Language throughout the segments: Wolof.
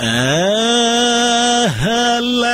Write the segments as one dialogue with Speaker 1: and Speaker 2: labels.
Speaker 1: 嗯。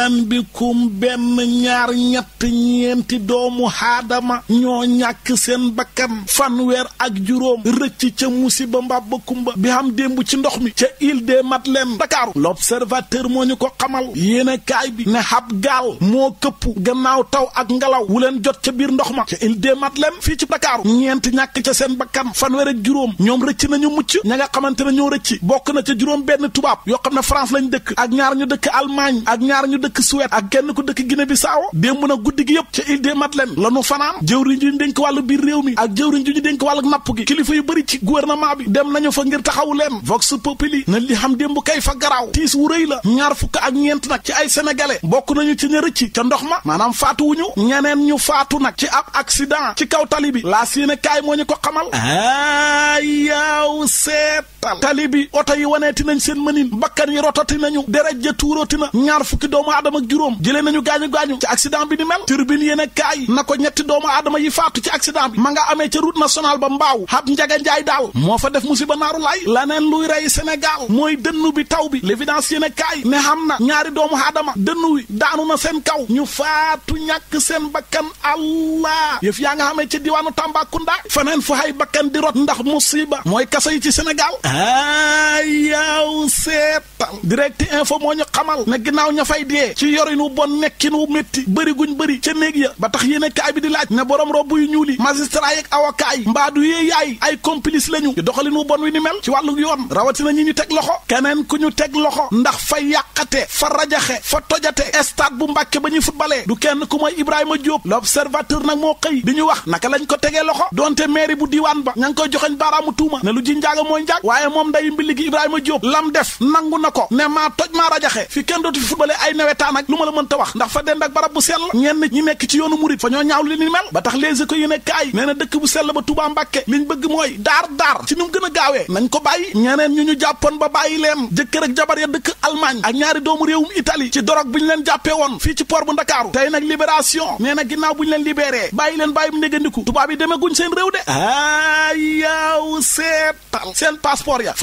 Speaker 1: am bikum benn ñaar ñett ñeenti doomu aadama ñoo ñàkk seen bakkan fanweer ak juróom rëcc ca musiba mbàbba kumba bi am démb ci ndox mi ca île des Madeleines Dakar l'observateur moo ñu ko xamal yéene kaay bi ne xab gaal moo këpp gannaaw taw ak ngelaw wu leen jot ca biir ndox ma ca île des Madeleines fii ci Dakar ñeent ñàkk ca seen bakkan fanweer ak juróom ñoom rëcc nañu mucc ña nga xamante ne ñoo rëcc bokk na ca juróom benn tubaab yoo xam ne France lañ dëkk ak ñaar ñu dëkk almaañ ak ñaar ñu dëkk dëkk Suède ak kenn ku dëkk bi Bissau démb na guddi gi yëpp ca île mat leen la nu fanaan jëwriñ ju ñu dénk wàllu biir réew mi ak jëwriñ ju ñu dénk wàllu napp gi kilifa yu bëri ci gouvernement bi dem nañu fa ngir taxawu leen vox populi na li xam démb kay fa garaaw tiis wu rëy la ñaar fukki ak ñeent nag ci ay senegale bokk nañu ci ña rëcc ca ndox ma maanaam faatu wuñu ñeneen ñu faatu nag ci ab accident ci kaw tali bi laa séene kaay moo ñu ko xamal ayaw seetal tali bi oto yi waneeti nañ seen mënin bakkan yi rototi nañu deret ja tuurooti na ñaar fukki doomu aadama ak juróom jëlee nañu gañu gañu ci accident bi ni mel turbine yene kay nako ñett doomu aadama yi faatu ci accident bi ma nga amé ci route nationale ba mbaaw hab njaga njaay dal mo fa def musiba naru lay lanen luy ray senegal moy dënnu bi taw bi l'évidence yene kay kaay ne xam ñaari doomu aadama dënnu wi daanu na sen kaw ñu faatu ñak sen bakkan allah yef ya nga amé ci diwanu tamba kunda faneen fu hay bakkan di rot ndax musiba moy kasso yi ci senegal ay yow seetal direct info moo ñu xamal ne ginaaw ña fay dee ci yorinu bon nekkinu métti bëri guñ bëri ca néeg ya ba tax yéene kaay bi di laaj ne borom robb yu ñuul yi magistrat yeeg avocat yi mbaadu yee yaay ay complice lañu ñu doxalinu bon wi ni mel ci wàllu yoon rawatina ñi ñu teg loxo keneen ku ñu teg loxo ndax fa yàqate fa rajaxe fa tojate stade bu mbàkke ba ñuy futbalee du kenn ku mooy Ibrahima Diop l'observateur nag moo xëy di ñu wax naka lañ ko tegee loxo donte mairie bu diwaan ba ña ngi koy joxeñ baaraamu tuuma ne lu ji njaaga mooy njaag waaye moom nday mbili gi Ibrahima Diop lam def nangu na ko ne maa toj maa rajaxe fi kenn dootu fi futbalee ay nawet makkaan ak lu ma la mënta wax ndax fa dend ak barab bu sell ñenn ñi nekk ci yoonu murit fa ñoo ñaaw li ni mel ba tax les écoles yu nekk ay nee na dëkk bu sell ba Touba Mbàkke liñ bëgg mooy daar daar ci nu mu gën a gaawee nañ ko bàyyi ñeneen ñu ñu jàppoon ba bàyyi leen jëkkër ak jabar ya dëkk Allemagne ak ñaari doomu réewum Italie ci dorog bi ñu leen jàppee woon fii ci port bu Ndakaaru tey nag libération nee na ginnaaw bu ñu leen libéré bàyyi leen bàyyi mu négandiku tubaab yi demee seen réew de ayaw seetal seen passeport ya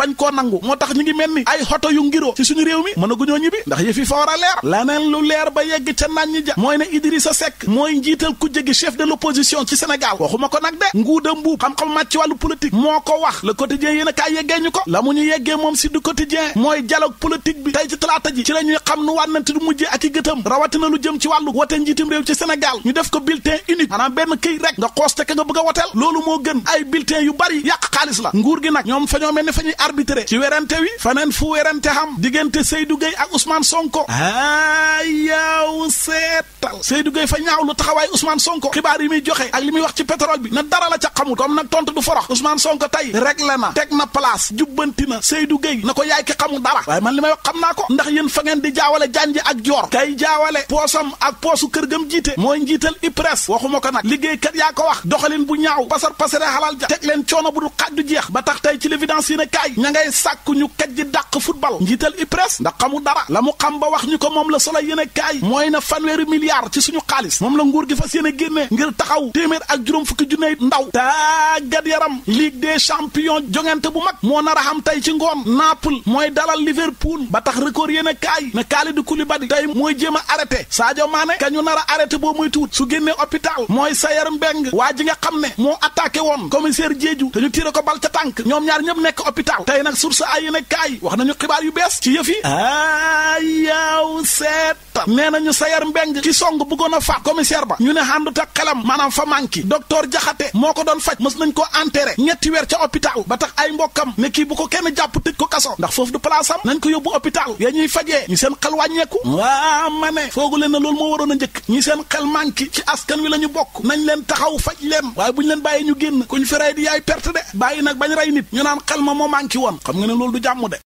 Speaker 1: moo tax ñu ngi mel ni ay xoto yu ngiroo ci suñu réew mi mën a guñoo ñibbi ndax leneen lu leer ba yegg ca naan ñi ja mooy ne Idrissa Seck mooy njiital ku jegi chef de l'opposition ci Sénégal waxuma ko nag de nguuda mbuub xam-xam màcc ci wàllu politique moo ko wax le quotidien yéen a kaay yeggee ñu ko la mu ñu yeggee moom si du quotidien mooy dialogue politique bi tey ci talaata ji ci la ñuy xam nu wànnante du mujjee ak i gëtam rawatina lu jëm ci wàllu wote njiitum réew ci Sénégal ñu def ko bulletin unique maanaam benn këy rek nga xooste ka nga bëgg a woteel loolu moo gën ay bulletin yu bari yàq xaalis la nguur gi nag ñoom fa ñoo mel ne fa ñuy arbitré ci werante wi faneen fu werante xam diggante Seydou Gueye ak Ousmane Sonko ah yaaw seetal Seydou Gueye fa ñaaw lu taxawaay Ousmane Sonko xibaar yi muy joxe ak li muy wax ci pétrole bi na dara la ca xamul comme nag tontu du forox Ousmane Sonko tey réglé na teg na place jubbanti na Seydou Gueye na ko yaay ki xamul dara waaye man li may wax xam naa ko ndax yéen fa ngeen di jaawale janj ak joor kay jaawale poosam ak poosu kër gam jiite mooy njiital IPRES waxuma ko nag liggéeykat yaa ko wax doxalin bu ñaaw pasar pasare xalal ja teg leen coono bu ba tax tey ci l'évidence yi ne kaay ña ba wax ñu ko moom Soleil yéen a kaay mooy na fanweeri milliard ci suñu xaalis moom la nguur gi fas yéen a génne ngir taxaw téeméer ak juróom fukki junne ndaw tàggat yaram Ligue des champions jongante bu mag moo nar a xam tey ci ngoon Naples mooy dalal Liverpool ba tax record yéen a kaay na Kalidou Koulibaly tey mooy jéem a arrêté Sadio Mané ka ñu nar a boo muy tuut su génnee hôpital mooy Sayer Mbeng waa ji nga xam ne moo attaqué woon commissaire Diédhiou te ñu tiré ko bal ca tànk ñoom ñaar ñëpp nekk hôpital tey a kaay wax nañu xibaar yu bees ci yëf enquête nee na ñu sayar mbeng ci song buggoon a faat commissaire ba ñu ne àndut ak xelam maanaam fa manki docteur jaxate moo ko doon faj mës nañ ko enterré ñetti weer ca hôpital ba tax ay mbokkam ne kii bu ko kenn jàpp tëj ko kaso ndax foofu du place am nañ ko yóbbu hôpital ya ñuy fajee ñu seen xel wàññeeku waa ma ne foogu leen na loolu moo waroon a njëkk ñi seen xel manki ci askan wi la ñu bokk nañ leen taxaw faj leen waaye bu ñu leen bàyyi ñu génn kuñ fi rey di yaay perte de bàyyi nag bañ rey nit ñu naan ma moo manki woon xam nga ne loolu du jàmm de